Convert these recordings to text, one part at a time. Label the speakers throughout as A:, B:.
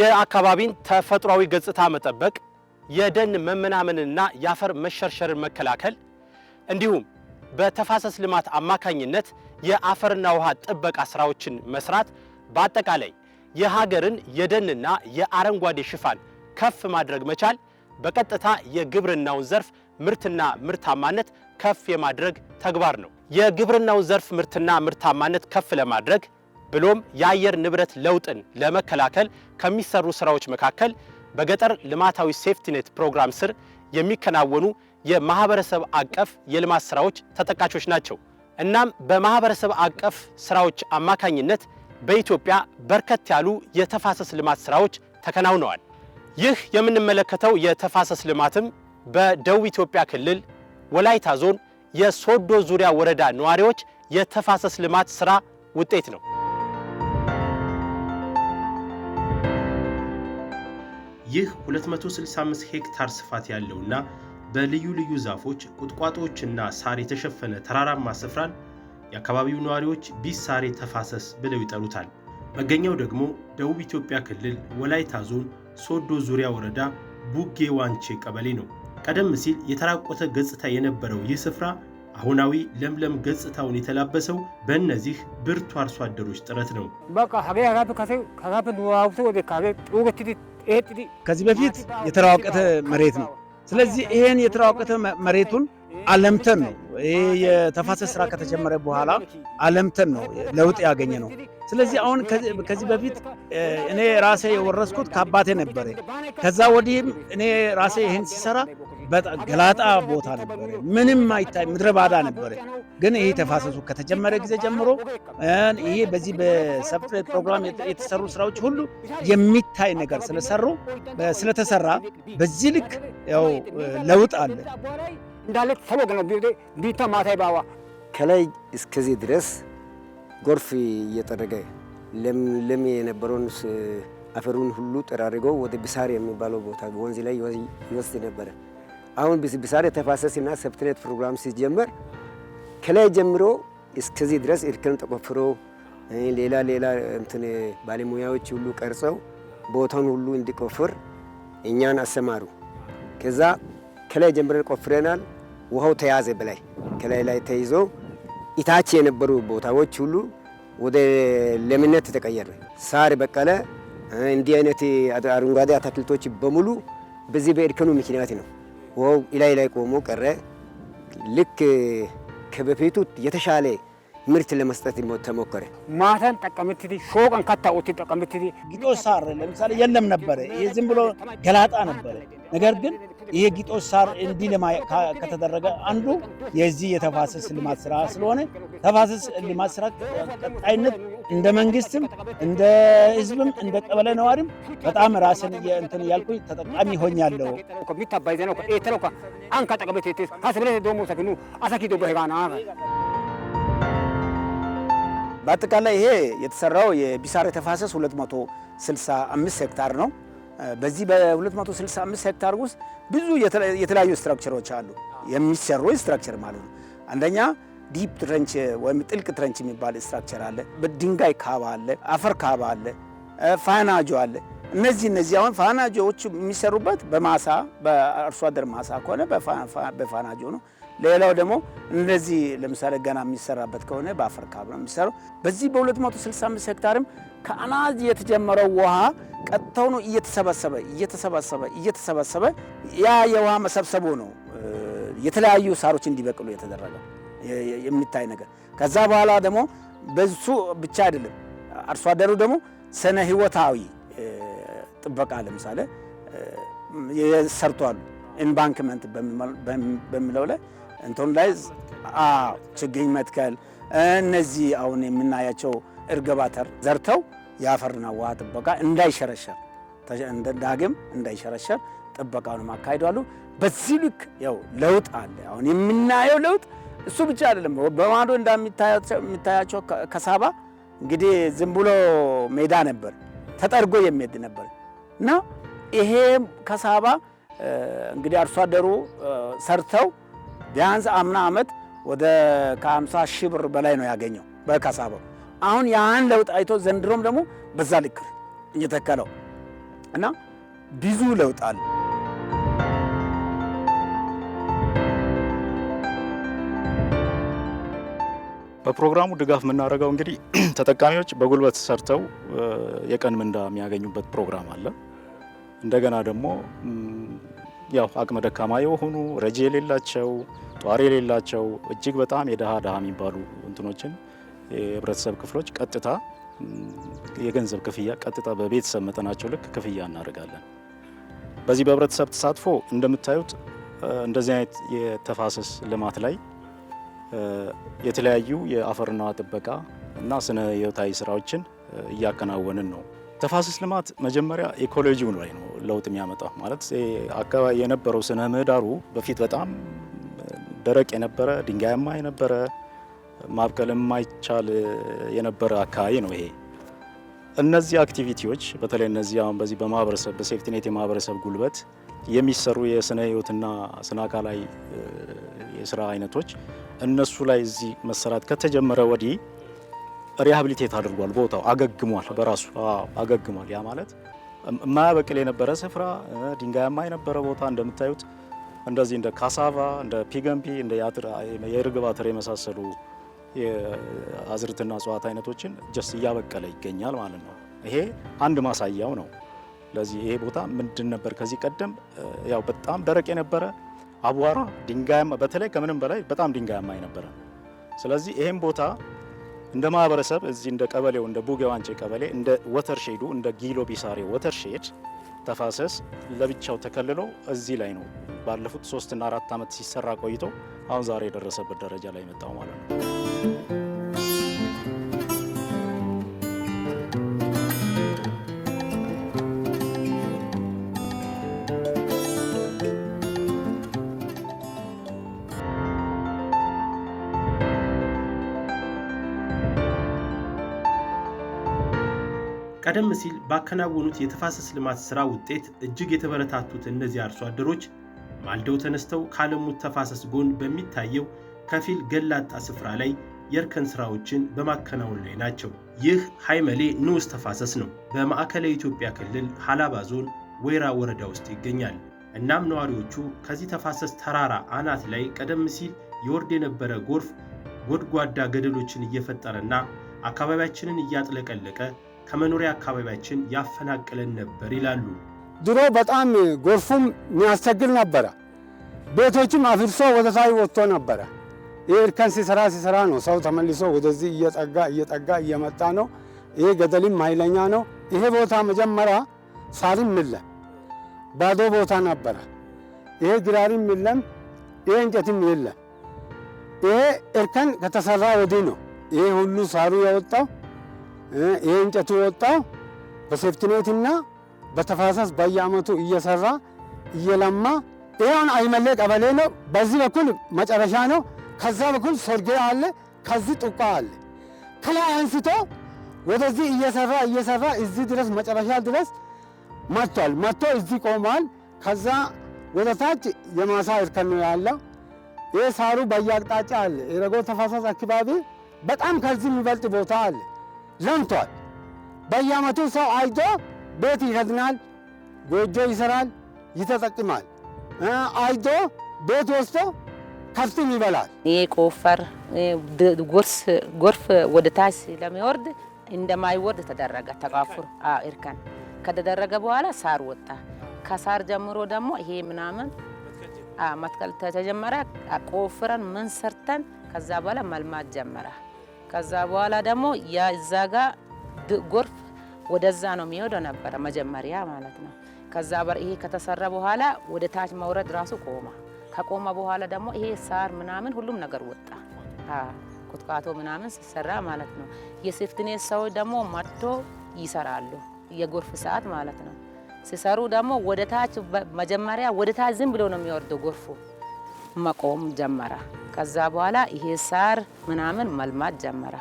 A: የአካባቢን ተፈጥሯዊ ገጽታ መጠበቅ፣ የደን መመናመንና የአፈር መሸርሸርን መከላከል እንዲሁም በተፋሰስ ልማት አማካኝነት የአፈርና ውሃ ጥበቃ ስራዎችን መስራት በአጠቃላይ የሀገርን የደንና የአረንጓዴ ሽፋን ከፍ ማድረግ መቻል በቀጥታ የግብርናውን ዘርፍ ምርትና ምርታማነት ከፍ የማድረግ ተግባር ነው። የግብርናውን ዘርፍ ምርትና ምርታማነት ከፍ ለማድረግ ብሎም የአየር ንብረት ለውጥን ለመከላከል ከሚሰሩ ስራዎች መካከል በገጠር ልማታዊ ሴፍቲኔት ፕሮግራም ስር የሚከናወኑ የማህበረሰብ አቀፍ የልማት ስራዎች ተጠቃሾች ናቸው። እናም በማህበረሰብ አቀፍ ስራዎች አማካኝነት በኢትዮጵያ በርከት ያሉ የተፋሰስ ልማት ስራዎች ተከናውነዋል። ይህ የምንመለከተው የተፋሰስ ልማትም በደቡብ ኢትዮጵያ ክልል ወላይታ ዞን የሶዶ ዙሪያ ወረዳ ነዋሪዎች የተፋሰስ ልማት ስራ ውጤት ነው። ይህ 265 ሄክታር ስፋት ያለውና በልዩ ልዩ ዛፎች ቁጥቋጦዎችና ሳር የተሸፈነ ተራራማ ስፍራን የአካባቢው ነዋሪዎች ቢስ ሳሬ ተፋሰስ ብለው ይጠሩታል። መገኛው ደግሞ ደቡብ ኢትዮጵያ ክልል ወላይታ ዞን ሶዶ ዙሪያ ወረዳ ቡጌ ዋንቼ ቀበሌ ነው። ቀደም ሲል የተራቆተ ገጽታ የነበረው ይህ ስፍራ አሁናዊ ለምለም ገጽታውን የተላበሰው በእነዚህ ብርቱ አርሶ አደሮች ጥረት ነው።
B: ከዚህ በፊት የተራወቀተ መሬት ነው። ስለዚህ ይሄን የተራወቀተ መሬቱን አለምተን ነው ይሄ የተፋሰስ ስራ ከተጀመረ በኋላ አለምተን ነው ለውጥ ያገኘ ነው። ስለዚህ አሁን ከዚህ በፊት እኔ ራሴ የወረስኩት ከአባቴ ነበረ። ከዛ ወዲህም እኔ ራሴ ይሄን ሲሰራ ገላጣ ቦታ ነበረ። ምንም አይታይ ምድረ ባዳ ነበረ። ግን ይሄ ተፋሰሱ ከተጀመረ ጊዜ ጀምሮ ይሄ በዚህ በሰብት ፕሮግራም የተሰሩ ስራዎች ሁሉ የሚታይ ነገር ስለሰሩ ስለተሰራ በዚህ ልክ ያው ለውጥ አለ
C: እንዳለ ተሰበግ ነው ቢታ ማታይ ባዋ
D: ከላይ እስከዚህ ድረስ ጎርፍ እየጠረገ ለም የነበረውን አፈሩን ሁሉ ጠራርገው ወደ ብሳር የሚባለው ቦታ ወንዝ ላይ ይወስድ ነበረ። አሁን ብሳር ተፋሰስና ሰብትኔት ፕሮግራም ሲጀመር ከላይ ጀምሮ እስከዚህ ድረስ እርከን ተቆፍሮ ሌላ ሌላ እንትን ባለሙያዎች ሁሉ ቀርጸው ቦታውን ሁሉ እንዲቆፍር እኛን አሰማሩ። ከዛ ከላይ ጀምረን ቆፍረናል። ውሃው ተያዘ በላይ ከላይ ላይ ተይዞ ኢታች የነበሩ ቦታዎች ሁሉ ወደ ለምነት ተቀየረ። ሳር በቀለ። እንዲህ አይነት አረንጓዴ አትክልቶች በሙሉ በዚህ በእርከኑ ምክንያት ነው። ውሃው እላይ ላይ ቆሞ ቀረ። ልክ ከበፊቱ የተሻለ ምርት ለመስጠት ተሞከረ።
E: ማታን ጠቀምትቲ ሾቀን ከታውት ጠቀምትቲ
F: ጊጦስ ሳር ለምሳሌ የለም ነበረ። ይህ ዝም ብሎ ገላጣ ነበረ። ነገር ግን ይሄ ጊጦስ ሳር እንዲህ ከተደረገ አንዱ የዚህ የተፋሰስ ልማት ስራ ስለሆነ ተፋሰስ ልማት ስራ ቀጣይነት እንደ መንግስትም እንደ ህዝብም እንደ ቀበለ ነዋሪም በጣም ራስን እንትን እያልኩኝ ተጠቃሚ ሆኛለሁ።
D: በአጠቃላይ ይሄ የተሰራው የቢሳሬ ተፋሰስ 265 ሄክታር ነው። በዚህ በ265 ሄክታር ውስጥ ብዙ የተለያዩ ስትራክቸሮች አሉ የሚሰሩ ስትራክቸር ማለት ነው። አንደኛ ዲፕ ትረንች ወይም ጥልቅ ትረንች የሚባል ስትራክቸር አለ። በድንጋይ ካባ አለ፣ አፈር ካባ አለ፣ ፋናጆ አለ። እነዚህ እነዚህ አሁን ፋናጆዎች የሚሰሩበት በማሳ በአርሶ አደር ማሳ ከሆነ በፋናጆ ነው። ሌላው ደግሞ እንደዚህ ለምሳሌ ገና የሚሰራበት ከሆነ በአፈር ካብ ነው የሚሰራው። በዚህ በ265 ሄክታርም ከአናዝ የተጀመረው ውሃ ቀጥተው ነው እየተሰበሰበ እየተሰበሰበ እየተሰበሰበ ያ የውሃ መሰብሰቡ ነው የተለያዩ ሳሮች እንዲበቅሉ የተደረገው። የሚታይ ነገር። ከዛ በኋላ ደግሞ በሱ ብቻ አይደለም አርሶ አደሩ ደግሞ ስነ ህይወታዊ ጥበቃ ለምሳሌ ሰርቷሉ። ኢምባንክመንት በሚለው ላይ እንትን ላይ ችግኝ መትከል እነዚህ አሁን የምናያቸው እርገባተር ዘርተው የአፈርና ውሃ ጥበቃ እንዳይሸረሸር ዳግም እንዳይሸረሸር ጥበቃውን አካሂደዋል። በዚህ ልክ ያው ለውጥ አለ። አሁን የምናየው ለውጥ እሱ ብቻ አይደለም። በማዶ እንደሚታያቸው ከሳባ እንግዲህ ዝም ብሎ ሜዳ ነበር፣ ተጠርጎ የሚሄድ ነበር እና ይሄ ከሳባ እንግዲህ አርሶ አደሩ ሰርተው ቢያንስ አምና ዓመት ወደ ከአምሳ ሺህ ብር በላይ ነው ያገኘው በከሳባ። አሁን ያን ለውጥ አይቶ ዘንድሮም ደግሞ በዛ ልክ እየተከለው እና ብዙ ለውጥ አለ።
G: በፕሮግራሙ ድጋፍ የምናደርገው እንግዲህ ተጠቃሚዎች በጉልበት ሰርተው የቀን ምንዳ የሚያገኙበት ፕሮግራም አለ። እንደገና ደግሞ ያው አቅመ ደካማ የሆኑ ረጂ የሌላቸው ጧሪ የሌላቸው እጅግ በጣም የደሃ ድሃ የሚባሉ እንትኖችን የህብረተሰብ ክፍሎች ቀጥታ የገንዘብ ክፍያ ቀጥታ በቤተሰብ መጠናቸው ልክ ክፍያ እናደርጋለን። በዚህ በህብረተሰብ ተሳትፎ እንደምታዩት እንደዚህ አይነት የተፋሰስ ልማት ላይ የተለያዩ የአፈርና ጥበቃ እና ስነ ህይወታዊ ስራዎችን እያከናወንን ነው። ተፋሰስ ልማት መጀመሪያ ኢኮሎጂው ላይ ነው ለውጥ የሚያመጣው። ማለት አካባቢ የነበረው ስነ ምህዳሩ በፊት በጣም ደረቅ የነበረ ድንጋያማ የነበረ ማብቀል የማይቻል የነበረ አካባቢ ነው ይሄ። እነዚህ አክቲቪቲዎች በተለይ እነዚህ አሁን በዚህ በማህበረሰብ በሴፍቲኔት የማህበረሰብ ጉልበት የሚሰሩ የስነ ህይወትና ስነ አካላዊ የስራ አይነቶች እነሱ ላይ እዚህ መሰራት ከተጀመረ ወዲህ ሪሃብሊቴት አድርጓል። ቦታው አገግሟል፣ በራሱ አገግሟል። ያ ማለት የማያበቅል የነበረ ስፍራ ድንጋያማ የነበረ ቦታ እንደምታዩት እንደዚህ እንደ ካሳቫ፣ እንደ ፒገምፒ እንደ የርግብ አተር የመሳሰሉ አዝርትና እጽዋት አይነቶችን ጀስ እያበቀለ ይገኛል ማለት ነው። ይሄ አንድ ማሳያው ነው። ለዚህ ይሄ ቦታ ምንድን ነበር ከዚህ ቀደም ያው በጣም ደረቅ የነበረ አቧራ፣ ድንጋያማ በተለይ ከምንም በላይ በጣም ድንጋያማ የነበረ ስለዚህ ይሄን ቦታ እንደ ማህበረሰብ እዚህ እንደ ቀበሌው እንደ ቡጌ ቀበሌ እንደ ወተርሼዱ እንደ ጊሎ ቢሳሬ ወተርሼድ ተፋሰስ ለብቻው ተከልሎ እዚህ ላይ ነው ባለፉት ሶስትና አራት ዓመት ሲሰራ ቆይቶ አሁን ዛሬ የደረሰበት ደረጃ ላይ መጣው ማለት ነው።
A: ቀደም ሲል ባከናወኑት የተፋሰስ ልማት ሥራ ውጤት እጅግ የተበረታቱት እነዚህ አርሶ አደሮች ማልደው ተነስተው ካለሙት ተፋሰስ ጎን በሚታየው ከፊል ገላጣ ስፍራ ላይ የእርከን ሥራዎችን በማከናወን ላይ ናቸው። ይህ ሃይመሌ ንዑስ ተፋሰስ ነው። በማዕከላዊ ኢትዮጵያ ክልል ሃላባ ዞን ወይራ ወረዳ ውስጥ ይገኛል። እናም ነዋሪዎቹ ከዚህ ተፋሰስ ተራራ አናት ላይ ቀደም ሲል ይወርድ የነበረ ጎርፍ ጎድጓዳ ገደሎችን እየፈጠረና አካባቢያችንን እያጥለቀለቀ ከመኖሪያ አካባቢያችን ያፈናቅለን ነበር ይላሉ።
H: ድሮ በጣም ጎርፉም የሚያስቸግር ነበረ። ቤቶችም አፍርሶ ወደ ታይ ወጥቶ ነበረ። ይህ እርከን ሲሰራ ሲሰራ ነው ሰው ተመልሶ ወደዚህ እየጠጋ እየጠጋ እየመጣ ነው። ይሄ ገደልም ኃይለኛ ነው። ይሄ ቦታ መጀመሪያ ሳርም የለም ባዶ ቦታ ነበረ። ይሄ ግራርም የለም፣ ይሄ እንጨትም የለም። ይሄ እርከን ከተሰራ ወዲህ ነው ይሄ ሁሉ ሳሩ የወጣው ይህ እንጨቱ የወጣው በሴፍቲኔትና በተፋሰስ በየአመቱ እየሰራ እየለማ ይኸውን አይመሌ ቀበሌ ነው። በዚህ በኩል መጨረሻ ነው። ከዛ በኩል ሶርጌ አለ፣ ከዚህ ጡቋ አለ። ከላይ አንስቶ ወደዚህ እየሰራ እየሰራ እዚህ ድረስ መጨረሻ ድረስ መጥቷል። መጥቶ እዚህ ቆሟል። ከዛ ወደ ታች የማሳ እርከን ነው ያለው። ይህ ሳሩ በየአቅጣጫ አለ። የረጎ ተፋሰስ አካባቢ በጣም ከዚህ የሚበልጥ ቦታ አለ። ዘምቷል። በየዓመቱ ሰው አይቶ ቤት ይከድናል፣ ጎጆ ይሰራል፣ ይተጠቅማል። አይቶ ቤት ወስቶ ከፍትም ይበላል።
I: ቆፈር ጎርፍ ወደ ታች ስለሚወርድ እንደማይወርድ ተደረገ። ተቋፉር እርከን ከተደረገ በኋላ ሳር ወጣ። ከሳር ጀምሮ ደግሞ ይሄ ምናምን መትከል ተጀመረ። ቆፍረን ምን ሰርተን ከዛ በኋላ መልማት ጀመረ። ከዛ በኋላ ደግሞ የዛ ጋ ጎርፍ ወደዛ ነው የሚሄደው ነበረ መጀመሪያ ማለት ነው። ከዛ በር ይሄ ከተሰራ በኋላ ወደ ታች መውረድ ራሱ ቆማ ከቆማ በኋላ ደግሞ ይሄ ሳር ምናምን ሁሉም ነገር ወጣ ኮትኳቶ ምናምን ሲሰራ ማለት ነው። የሴፍትኔት ሰው ደግሞ መጥቶ ይሰራሉ። የጎርፍ ሰዓት ማለት ነው ሲሰሩ ደግሞ ወደ ታች መጀመሪያ ወደ ታች ዝም ብሎ ነው የሚወርደው ጎርፉ መቆም ጀመረ። ከዛ በኋላ ይሄ ሳር ምናምን መልማት ጀመረ።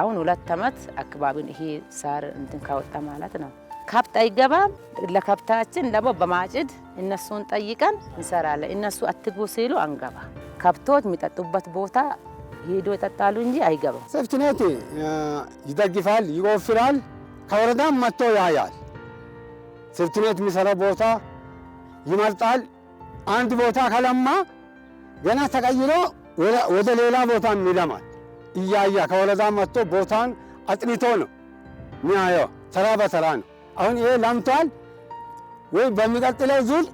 I: አሁን ሁለት ዓመት አካባቢን ይሄ ሳር እንትን ካወጣ ማለት ነው። ከብት አይገባም። ለከብታችን ደግሞ በማጭድ እነሱን ጠይቀን እንሰራለን። እነሱ አትግቡ ሲሉ አንገባ። ከብቶች የሚጠጡበት ቦታ ሄዶ ይጠጣሉ እንጂ አይገባም።
H: ሰፍትኔት ይደግፋል፣ ይቆፍራል፣ ከወረዳም መጥቶ ያያል። ሰፍትኔት የሚሰራ ቦታ ይመርጣል። አንድ ቦታ ከለማ ገና ተቀይሮ ወደ ሌላ ቦታ ይለማል። እያያ ከወረዳ መጥቶ ቦታን አጥንቶ ነው ሚያየው። ተራ በተራ ነው። አሁን ይሄ ለምቷል ወይ በሚቀጥለው ዙር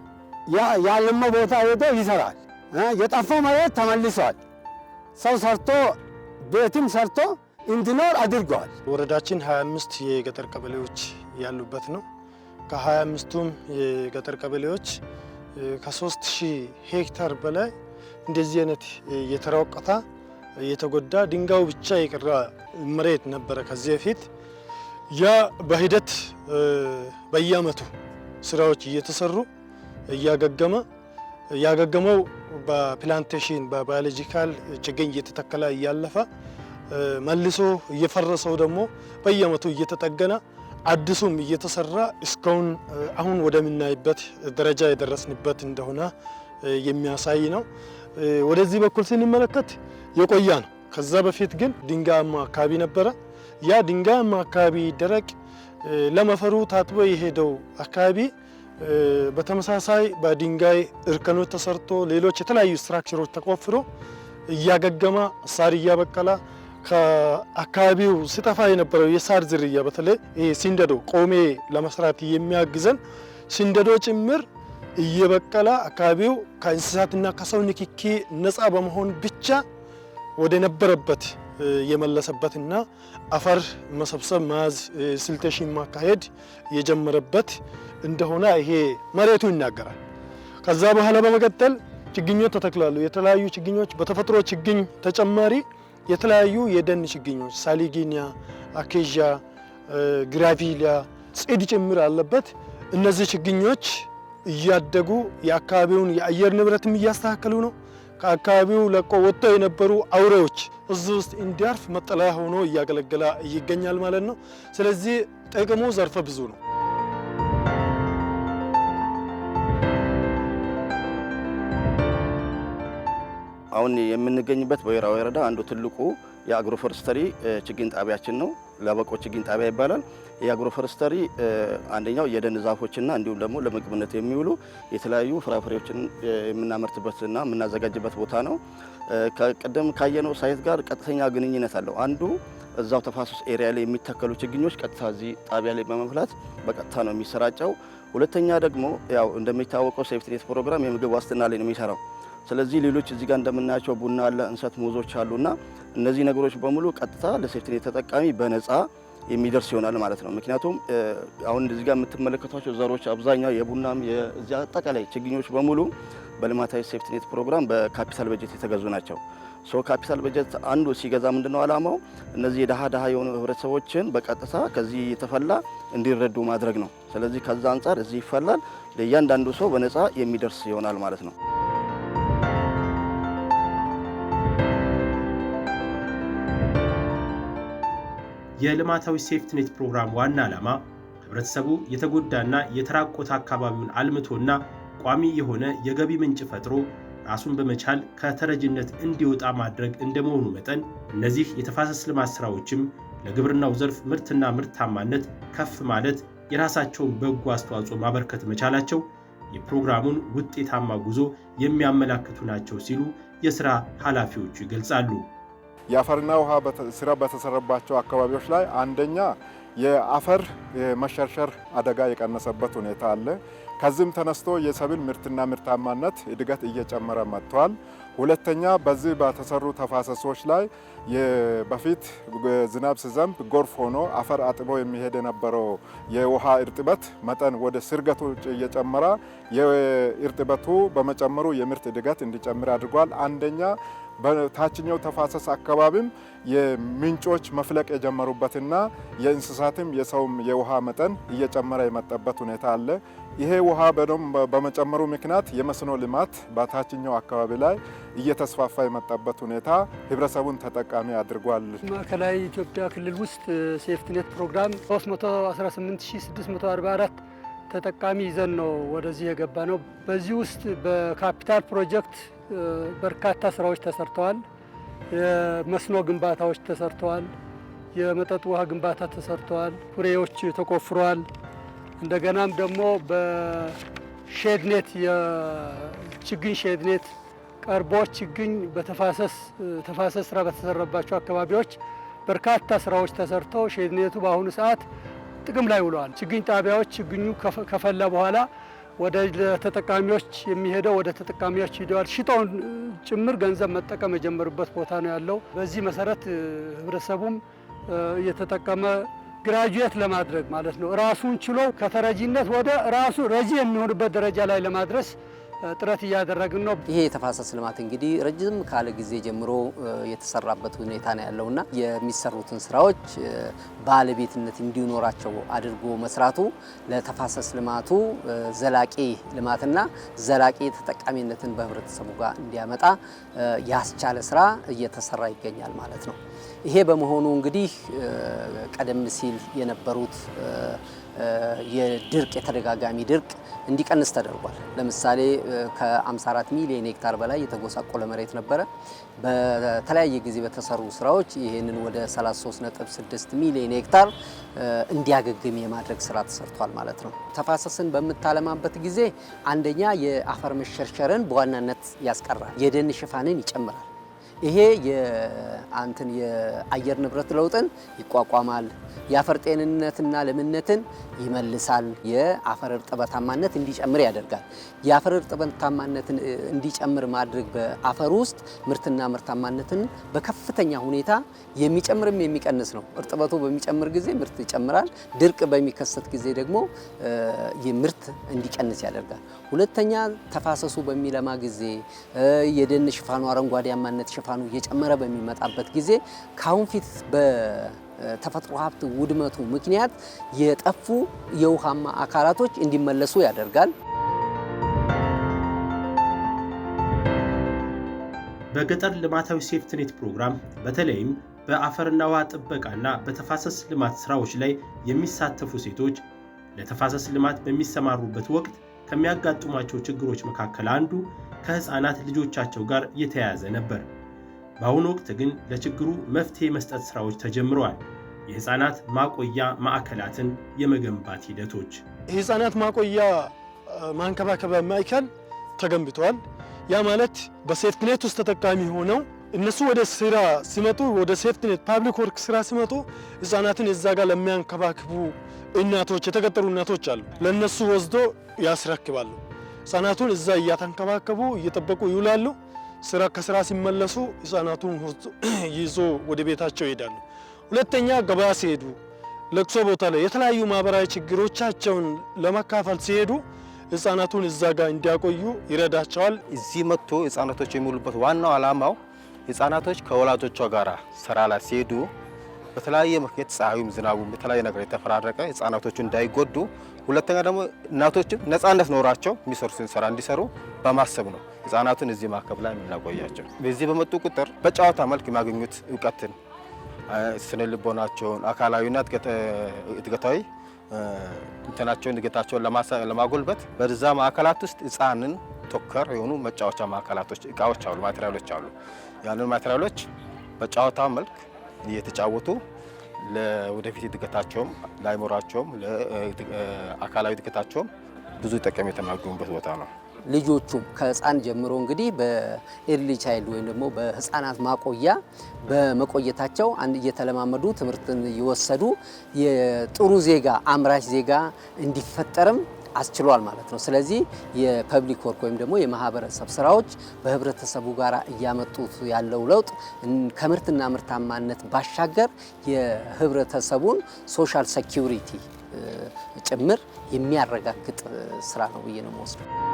H: ያለመ ቦታ ሄዶ ይሰራል። የጠፋው መሬት ተመልሷል። ሰው ሰርቶ ቤትም ሰርቶ እንዲኖር አድርገዋል።
J: ወረዳችን 25 የገጠር ቀበሌዎች ያሉበት ነው። ከ25ቱም የገጠር ቀበሌዎች ከ3000 ሄክታር በላይ እንደዚህ አይነት የተራቆተ የተጎዳ ድንጋዩ ብቻ የቀረ መሬት ነበረ ከዚህ በፊት። ያ በሂደት በየአመቱ ስራዎች እየተሰሩ እያገገመ ያገገመው በፕላንቴሽን በባዮሎጂካል ችግኝ እየተተከለ እያለፈ መልሶ እየፈረሰው ደግሞ በየአመቱ እየተጠገነ አዲሱም እየተሰራ እስካሁን አሁን ወደምናይበት ደረጃ የደረስንበት እንደሆነ የሚያሳይ ነው። ወደዚህ በኩል ስንመለከት የቆያ ነው። ከዛ በፊት ግን ድንጋያማ አካባቢ ነበረ። ያ ድንጋያማ አካባቢ ደረቅ ለመፈሩ ታጥቦ የሄደው አካባቢ በተመሳሳይ በድንጋይ እርከኖች ተሰርቶ ሌሎች የተለያዩ ስትራክቸሮች ተቆፍሮ እያገገማ ሳር እያበቀላ ከአካባቢው ሲጠፋ የነበረው የሳር ዝርያ በተለይ ሲንደዶ ቆሜ ለመስራት የሚያግዘን ሲንደዶ ጭምር እየበቀለ አካባቢው ከእንስሳትና ከሰው ንክኪ ነፃ በመሆን ብቻ ወደ ነበረበት የመለሰበትና አፈር መሰብሰብ መያዝ ስልቴሽን ማካሄድ የጀመረበት እንደሆነ ይሄ መሬቱ ይናገራል። ከዛ በኋላ በመቀጠል ችግኞች ተተክላሉ። የተለያዩ ችግኞች በተፈጥሮ ችግኝ ተጨማሪ የተለያዩ የደን ችግኞች ሳሊጊኒያ፣ አኬዣ፣ ግራቪሊያ፣ ጽድ ጭምር አለበት። እነዚህ ችግኞች እያደጉ የአካባቢውን የአየር ንብረትም እያስተካከሉ ነው። ከአካባቢው ለቆ ወጥተው የነበሩ አውሬዎች እዚህ ውስጥ እንዲያርፍ መጠለያ ሆኖ እያገለገለ ይገኛል ማለት ነው። ስለዚህ ጥቅሙ ዘርፈ ብዙ ነው።
D: አሁን የምንገኝበት በወይራ ወረዳ አንዱ ትልቁ የአግሮፎረስተሪ ችግኝ ጣቢያችን ነው። ለበቆ ችግኝ ጣቢያ ይባላል። የአግሮ ፎረስተሪ አንደኛው የደን ዛፎችና እንዲሁም ደግሞ ለምግብነት የሚውሉ የተለያዩ ፍራፍሬዎችን የምናመርትበትና የምናዘጋጅበት ቦታ ነው። ከቀደም ካየነው ሳይት ጋር ቀጥተኛ ግንኙነት አለው። አንዱ እዛው ተፋሰስ ኤሪያ ላይ የሚተከሉ ችግኞች ቀጥታ እዚህ ጣቢያ ላይ በመፍላት በቀጥታ ነው የሚሰራጨው። ሁለተኛ ደግሞ ያው እንደሚታወቀው ሴፍትኔት ፕሮግራም የምግብ ዋስትና ላይ ነው የሚሰራው። ስለዚህ ሌሎች እዚህ ጋር እንደምናያቸው ቡና አለ፣ እንሰት፣ ሙዞች አሉና እነዚህ ነገሮች በሙሉ ቀጥታ ለሴፍቲኔት ተጠቃሚ በነፃ የሚደርስ ይሆናል ማለት ነው። ምክንያቱም አሁን እዚህ ጋር የምትመለከቷቸው ዘሮች አብዛኛው የቡናም የዚህ አጠቃላይ ችግኞች በሙሉ በልማታዊ ሴፍቲኔት ፕሮግራም በካፒታል በጀት የተገዙ ናቸው። ሶ ካፒታል በጀት አንዱ ሲገዛ ምንድነው አላማው እነዚህ የድሃ ድሃ የሆኑ ህብረተሰቦችን በቀጥታ ከዚህ የተፈላ እንዲረዱ ማድረግ ነው። ስለዚህ ከዛ አንጻር እዚህ ይፈላል፣ ለእያንዳንዱ ሰው በነፃ የሚደርስ ይሆናል ማለት ነው።
A: የልማታዊ ሴፍትኔት ፕሮግራም ዋና ዓላማ ህብረተሰቡ የተጎዳና የተራቆተ አካባቢውን አልምቶና ቋሚ የሆነ የገቢ ምንጭ ፈጥሮ ራሱን በመቻል ከተረጅነት እንዲወጣ ማድረግ እንደመሆኑ መጠን እነዚህ የተፋሰስ ልማት ስራዎችም ለግብርናው ዘርፍ ምርትና ምርታማነት ከፍ ማለት የራሳቸውን በጎ አስተዋጽኦ ማበርከት መቻላቸው የፕሮግራሙን ውጤታማ ጉዞ የሚያመላክቱ ናቸው ሲሉ የሥራ ኃላፊዎቹ ይገልጻሉ።
K: የአፈርና ውሃ ስራ በተሰራባቸው አካባቢዎች ላይ አንደኛ የአፈር መሸርሸር አደጋ የቀነሰበት ሁኔታ አለ። ከዚህም ተነስቶ የሰብል ምርትና ምርታማነት እድገት እየጨመረ መጥቷል። ሁለተኛ በዚህ በተሰሩ ተፋሰሶች ላይ በፊት ዝናብ ሲዘንብ ጎርፍ ሆኖ አፈር አጥቦ የሚሄድ የነበረው የውሃ እርጥበት መጠን ወደ ስርገቱ እየጨመረ እርጥበቱ በመጨመሩ የምርት እድገት እንዲጨምር አድርጓል። አንደኛ በታችኛው ተፋሰስ አካባቢም የምንጮች መፍለቅ የጀመሩበትና የእንስሳትም የሰውም የውሃ መጠን እየጨመረ የመጠበት ሁኔታ አለ። ይሄ ውሃ በመጨመሩ ምክንያት የመስኖ ልማት በታችኛው አካባቢ ላይ እየተስፋፋ የመጣበት ሁኔታ ህብረተሰቡን ተጠቃሚ አድርጓል።
F: ማዕከላዊ ኢትዮጵያ ክልል ውስጥ ሴፍትኔት ፕሮግራም 318644 ተጠቃሚ ይዘን ነው ወደዚህ የገባ ነው። በዚህ ውስጥ በካፒታል ፕሮጀክት በርካታ ስራዎች ተሰርተዋል። የመስኖ ግንባታዎች ተሰርተዋል። የመጠጥ ውሃ ግንባታ ተሰርተዋል። ኩሬዎች ተቆፍረዋል። እንደገናም ደግሞ በሼድኔት የችግኝ ሼድኔት ቀርቦ ችግኝ በተፋሰስ ተፋሰስ ስራ በተሰራባቸው አካባቢዎች በርካታ ስራዎች ተሰርተው ሼድኔቱ በአሁኑ ሰዓት ጥቅም ላይ ውለዋል። ችግኝ ጣቢያዎች ችግኙ ከፈላ በኋላ ወደ ተጠቃሚዎች የሚሄደው ወደ ተጠቃሚዎች ሂደዋል። ሽጠውን ጭምር ገንዘብ መጠቀም የጀመሩበት ቦታ ነው ያለው። በዚህ መሰረት ህብረተሰቡም እየተጠቀመ ግራጁዌት ለማድረግ ማለት ነው ራሱን ችሎ ከተረጂነት ወደ ራሱ ረጂ የሚሆንበት ደረጃ ላይ ለማድረስ ጥረት እያደረግን ነው።
L: ይሄ የተፋሰስ ልማት እንግዲህ ረጅም ካለ ጊዜ ጀምሮ የተሰራበት ሁኔታ ነው ያለውና የሚሰሩትን ስራዎች ባለቤትነት እንዲኖራቸው አድርጎ መስራቱ ለተፋሰስ ልማቱ ዘላቂ ልማትና ዘላቂ ተጠቃሚነትን በህብረተሰቡ ጋር እንዲያመጣ ያስቻለ ስራ እየተሰራ ይገኛል ማለት ነው። ይሄ በመሆኑ እንግዲህ ቀደም ሲል የነበሩት የድርቅ የተደጋጋሚ ድርቅ እንዲቀንስ ተደርጓል። ለምሳሌ ከ54 ሚሊዮን ሄክታር በላይ የተጎሳቆለ መሬት ነበረ። በተለያየ ጊዜ በተሰሩ ስራዎች ይህንን ወደ 33.6 ሚሊዮን ሄክታር እንዲያገግም የማድረግ ስራ ተሰርቷል ማለት ነው። ተፋሰስን በምታለማበት ጊዜ አንደኛ የአፈር መሸርሸርን በዋናነት ያስቀራል፣ የደን ሽፋንን ይጨምራል። ይሄ የአንትን የአየር ንብረት ለውጥን ይቋቋማል፣ የአፈር ጤንነትና ለምነትን ይመልሳል፣ የአፈር እርጥበታማነት እንዲጨምር ያደርጋል። የአፈር እርጥበታማነትን እንዲጨምር ማድረግ በአፈር ውስጥ ምርትና ምርታማነትን በከፍተኛ ሁኔታ የሚጨምርም የሚቀንስ ነው። እርጥበቱ በሚጨምር ጊዜ ምርት ይጨምራል፣ ድርቅ በሚከሰት ጊዜ ደግሞ ምርት እንዲቀንስ ያደርጋል። ሁለተኛ ተፋሰሱ በሚለማ ጊዜ የደን ሽፋኑ አረንጓዴያማነት ሽፋ ሽፋኑ እየጨመረ በሚመጣበት ጊዜ ከአሁን ፊት በተፈጥሮ ሀብት ውድመቱ ምክንያት የጠፉ የውሃማ አካላቶች እንዲመለሱ ያደርጋል።
A: በገጠር ልማታዊ ሴፍትኔት ፕሮግራም በተለይም በአፈርና ውሃ ጥበቃና በተፋሰስ ልማት ስራዎች ላይ የሚሳተፉ ሴቶች ለተፋሰስ ልማት በሚሰማሩበት ወቅት ከሚያጋጥሟቸው ችግሮች መካከል አንዱ ከህፃናት ልጆቻቸው ጋር የተያያዘ ነበር። በአሁኑ ወቅት ግን ለችግሩ መፍትሄ መስጠት ሥራዎች ተጀምረዋል። የሕፃናት ማቆያ ማዕከላትን የመገንባት ሂደቶች
M: የሕፃናት ማቆያ ማንከባከቢያ ማዕከል ተገንብተዋል። ያ ማለት በሴፍትኔት ውስጥ ተጠቃሚ ሆነው እነሱ ወደ ስራ ሲመጡ ወደ ሴፍትኔት ፓብሊክ ወርክ ስራ ሲመጡ ህፃናትን እዛ ጋር ለሚያንከባክቡ እናቶች የተቀጠሩ እናቶች አሉ። ለእነሱ ወስዶ ያስረክባሉ። ህፃናቱን እዛ እያተንከባከቡ እየጠበቁ ይውላሉ። ስራ ከስራ ሲመለሱ ህፃናቱን ይዞ ወደ ቤታቸው ይሄዳሉ። ሁለተኛ ገበያ ሲሄዱ፣ ለቅሶ ቦታ ላይ የተለያዩ ማህበራዊ ችግሮቻቸውን ለመካፈል ሲሄዱ ህፃናቱን እዛ ጋር እንዲያቆዩ ይረዳቸዋል።
N: እዚህ መጥቶ ህፃናቶች የሚውሉበት ዋናው አላማው ህፃናቶች ከወላጆቿ ጋር ስራ ላይ ሲሄዱ በተለያየ ምክንያት ፀሐዩም ዝናቡም የተለያየ ነገር የተፈራረቀ ህፃናቶቹ እንዳይጎዱ ሁለተኛ ደግሞ እናቶችም ነፃነት ኖራቸው የሚሰሩትን ስራ እንዲሰሩ በማሰብ ነው ህጻናቱን እዚህ ማዕከል ላይ የምናቆያቸው። በዚህ በመጡ ቁጥር በጨዋታ መልክ የሚያገኙት እውቀትን፣ ስነ ልቦናቸውን፣ አካላዊና እድገታዊ እንትናቸውን እድገታቸውን ለማጎልበት በዛ ማዕከላት ውስጥ ህፃንን ተኮር የሆኑ መጫወቻ ማዕከላቶች እቃዎች አሉ፣ ማቴሪያሎች አሉ። ያንን ማቴሪያሎች በጨዋታ መልክ እየተጫወቱ ለወደፊት እድገታቸውም ላይኖራቸውም ለአካላዊ እድገታቸውም ብዙ ጠቀሜታ የሚያገኙበት ቦታ ነው።
L: ልጆቹም ከህፃን ጀምሮ እንግዲህ በኤርሊ ቻይልድ ወይም ደግሞ በህፃናት ማቆያ በመቆየታቸው አንድ እየተለማመዱ ትምህርትን እየወሰዱ የጥሩ ዜጋ አምራች ዜጋ እንዲፈጠርም አስችሏል ማለት ነው። ስለዚህ የፐብሊክ ወርክ ወይም ደግሞ የማህበረሰብ ስራዎች በህብረተሰቡ ጋር እያመጡት ያለው ለውጥ ከምርትና ምርታማነት ባሻገር የህብረተሰቡን ሶሻል ሴኪሪቲ ጭምር የሚያረጋግጥ ስራ ነው ብዬ ነው የምወስደው።